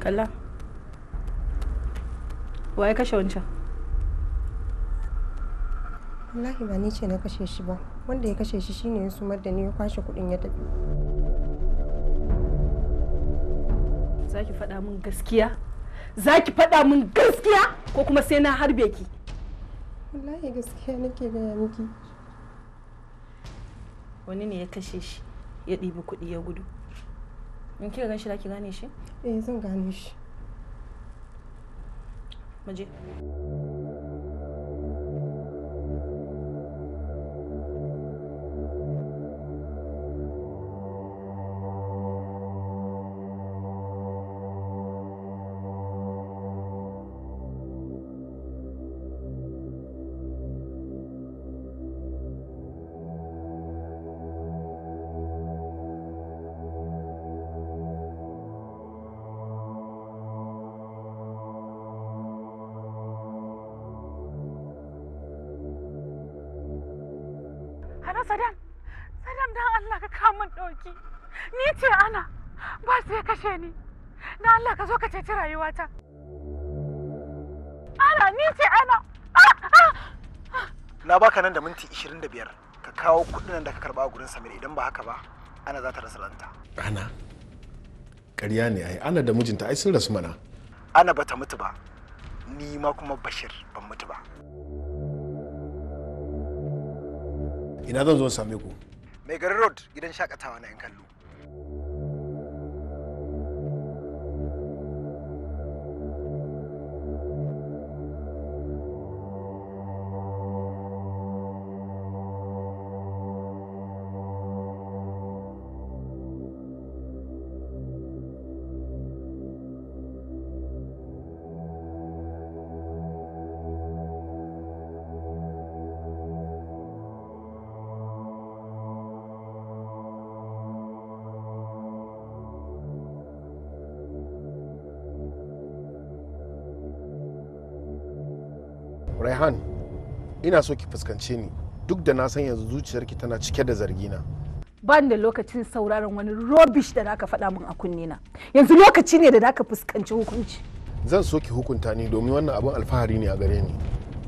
kalla ya kashe wancan wallahi ba ni ce na kashe shi ba wanda ya kashe shi shine ya sumar da ni ya kwashe kudin ya tafi za ki faɗa min gaskiya zaki fada min gaskiya ko kuma sai na harbe ki wallahi gaskiya nake gaya miki wani ne ya kashe shi ya ɗibi kuɗi ya gudu in kika gan shi za ki gane shi eh zan gane shi mu Sadam, Sadam dan Allah ka kamun ɗauki. Ni ce ana, ba sai kashe ni. Dan Allah ka zo ka ceci rayuwata. Ana, ni ce ana. Ah, ah. Na baka nan da minti 25 ka kawo kuɗin da ka karba a gurin Samir idan ba haka ba, ana za ta rasa ranta. Ana? Ƙarya ne ai, ana da mijinta ai sun rasu mana. Ana bata mutu ba, ni ma kuma Bashir ban mutu ba. ina zan zo same ku mai gari road gidan shakatawa na yan kallo raihan ina so ki fuskance ni duk da na san yanzu zuciyarki tana cike da zargi zargina ban da lokacin sauraron wani rubbish da zaka faɗa min a kunne na yanzu lokaci ne da zaka fuskanci hukunci zan so ki hukunta ni domin wannan abin alfahari ne a gare ni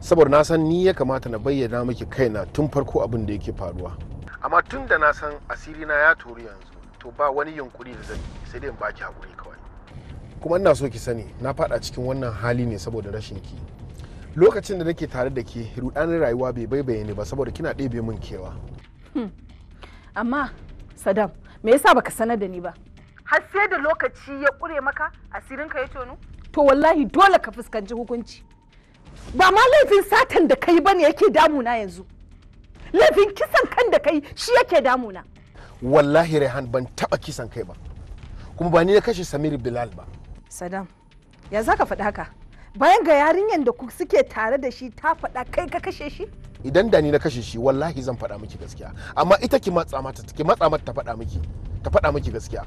saboda na san ni ya kamata na bayyana miki kaina tun farko abin da yake faruwa amma tun da na san asiri na ya tori yanzu to ba wani yunkuri da zan yi sai dai in baki hakuri kawai kuma ina so ki sani na faɗa cikin wannan hali ne saboda rashin ki lokacin da nake tare da ke rudanin rayuwa bai baibaye bayani ba saboda kina ɗebe min kewa hmm. amma sadam me yasa baka sanar da ni ba har sai da lokaci ya ƙure maka asirin ka ya tono to wallahi dole ka fuskanci hukunci ba ma laifin satan da kai bane yake damu na yanzu laifin kisan kan da kai shi yake damu na. wallahi rehan ban taba kisan kai ba kuma ba ni na kashe samir bilal ba sadam ya zaka faɗi haka bayan ga yarinyar da suke tare da shi ta faɗa kai ka kashe shi idan da ni na kashe shi wallahi zan faɗa miki gaskiya amma ita ki matsa mata ki matsa mata ta faɗa miki ta faɗa miki gaskiya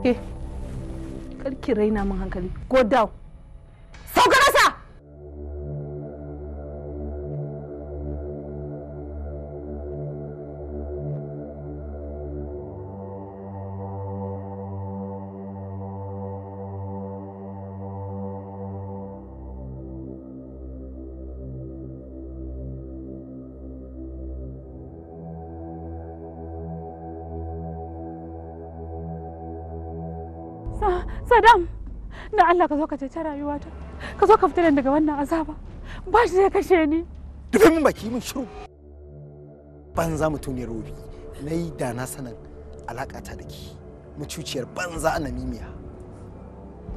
Ke, kar ki raina min hankali, go down. Saddam, na Allah ka zo ka ceci rayuwata. Ka zo ka fita daga wannan azaba. Ba shi zai kashe ni. Dubi min baki min shiru. Banza ne robi. Na yi da na sanin ta da ke. Mucuciyar banza a namimiya.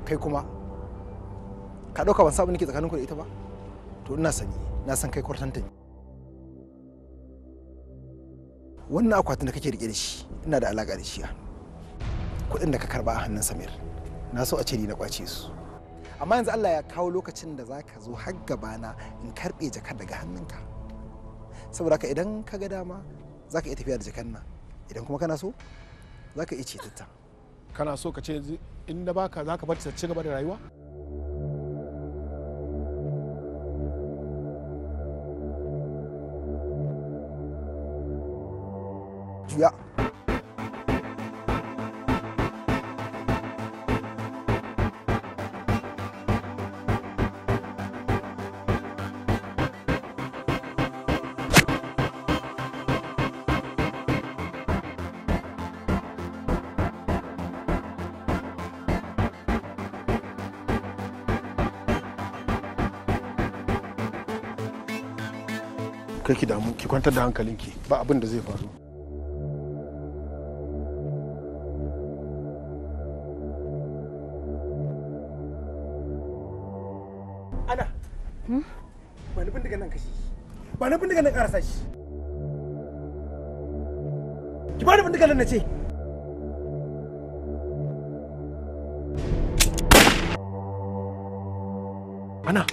Kai kuma ka ɗauka ban sabu nake tsakaninku da ita ba? To ina sani, na san kai kwartanta ne. Wannan akwatin da kake rike da shi, ina da alaka da shi a kuɗin da ka karba a hannun samir na so a ce ni na kwace su amma yanzu allah ya kawo lokacin da za ka zo har gabana in karɓe jakar daga hannunka saboda ka idan ka ga dama za ka iya tafiya da jakar nan idan kuma kana so za ka iya ce tutta kana so ka ce in da baka za ka bar ci gaba da rayuwa juya kai ki damu ki kwantar da hankalinki ba abin da zai faru ana hmm? ba nufin daga nan kashi ba nufin daga nan karasa shi ki ba nufin daga nan na ce ana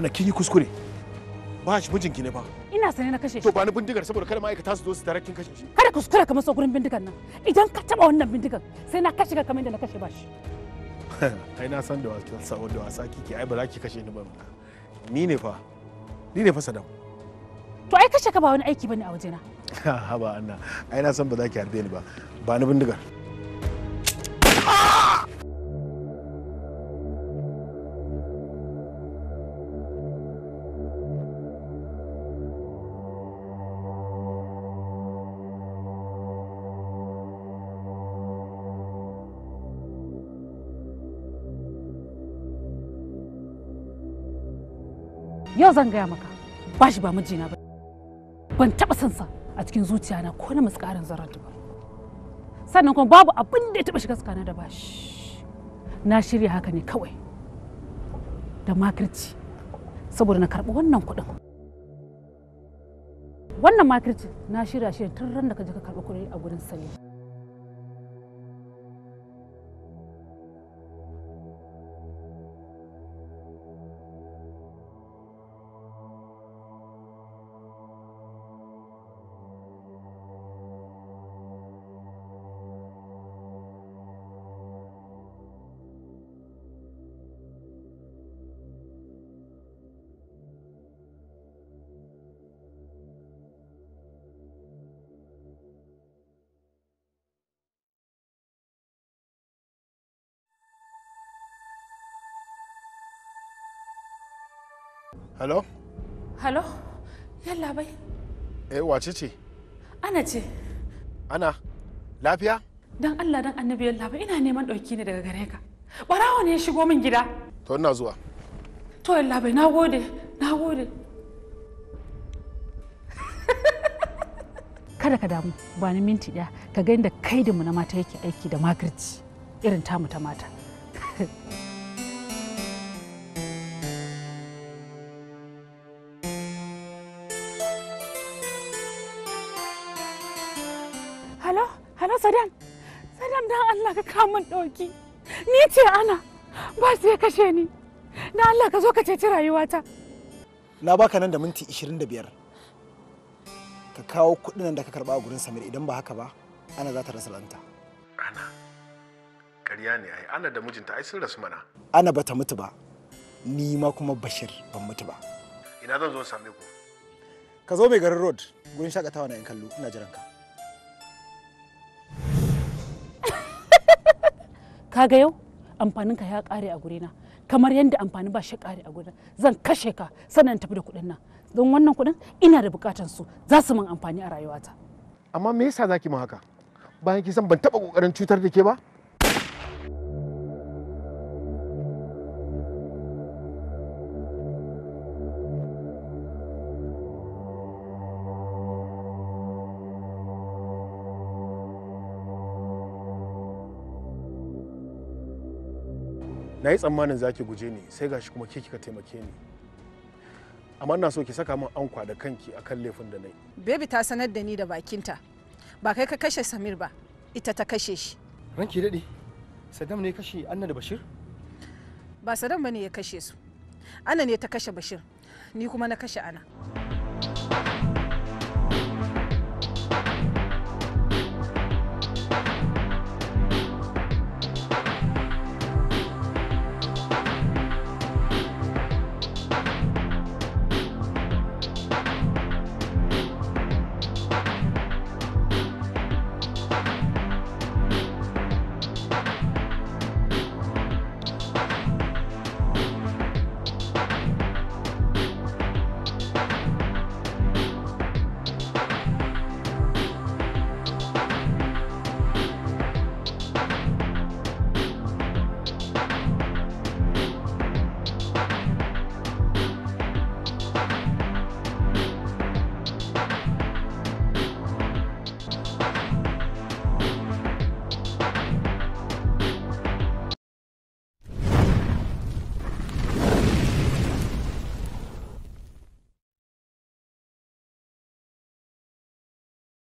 ana kin yi kuskure ba shi mijinki ne ba ina sane na kashe shi to ba ni bindigar saboda kada ma'aikata su zo su tarar kin kashe shi kada kuskura kamar maso gurin bindigar nan idan ka taba wannan bindigar sai na kashe ka kamar da na kashe ba shi ai na san da wasa sa'o da wasa kike ai ba za ki kashe ni ba ni ne fa ni ne fa sadam to ai kashe ka ba wani aiki bane a wajena ha ba anna ai na san ba za ki harbe ni ba ba ni bindigar yau zan gaya maka ba shi ba mijina ba ban taɓa son sa a cikin zuciya na ko na muskarin zarar ba sannan kuma babu abin da ya taba shiga tsakanin da bashi na shirya haka ne kawai da makirci saboda na karɓi wannan kuɗin wannan makirci na shirya shi tun ran da ka je ka karbi kuɗi a gurin salim Hello? Hello? Yalla bai. Eh wace ce? Ana ce. Ana? Lafiya? Dan Allah dan Annabi Allah bai ina neman dauki ne daga gare ka. Barawo ne ya shigo min gida. To ina zuwa. To Yalla bai nagode, nagode. Kada ka damu, ba ni minti daya ka ga inda kai da mu na mata yake aiki da makirci irin tamu ta mata. Sadam, Sadam dan Allah ka mun ɗauki. Ni ce ana, ba sai kashe ni. Dan Allah ka zo ka ceci rayuwata. Na baka nan da minti 25. Ka kawo kuɗin da ka karɓa a gurin Samir idan ba haka ba, ana za ta rasa ranta. Ana, ƙarya ne ai, ana da mijinta ai sun rasu mana. Ana bata mutu ba, ni ma kuma Bashir ban mutu ba. Ina zan zo same ku. Ka zo mai garin road, gurin shakatawa na 'yan kallo, ina jiran ka. ka ga yau amfaninka ya kare a gurina kamar yadda amfani ba shi kare a gurina zan kashe ka sannan tafi da kuɗin nan don wannan kuɗin ina da buƙatar su za su min amfani a rayuwata amma me yasa zaki mu haka bayan ki san ban taɓa ƙoƙarin cutar da ke ba na yi tsammanin za ki guje ni sai gashi kuma ke kika taimake ni amma ina so ki saka min ankwa da kanki akan laifin da na yi baby ta sanar da ni da bakinta ba kai ka kashe samir ba ita ta kashe shi ranki daɗe saddam ne kashe anna da bashir ba saddam ba ne ya kashe su anna ne ta kashe bashir ni kuma na kashe ana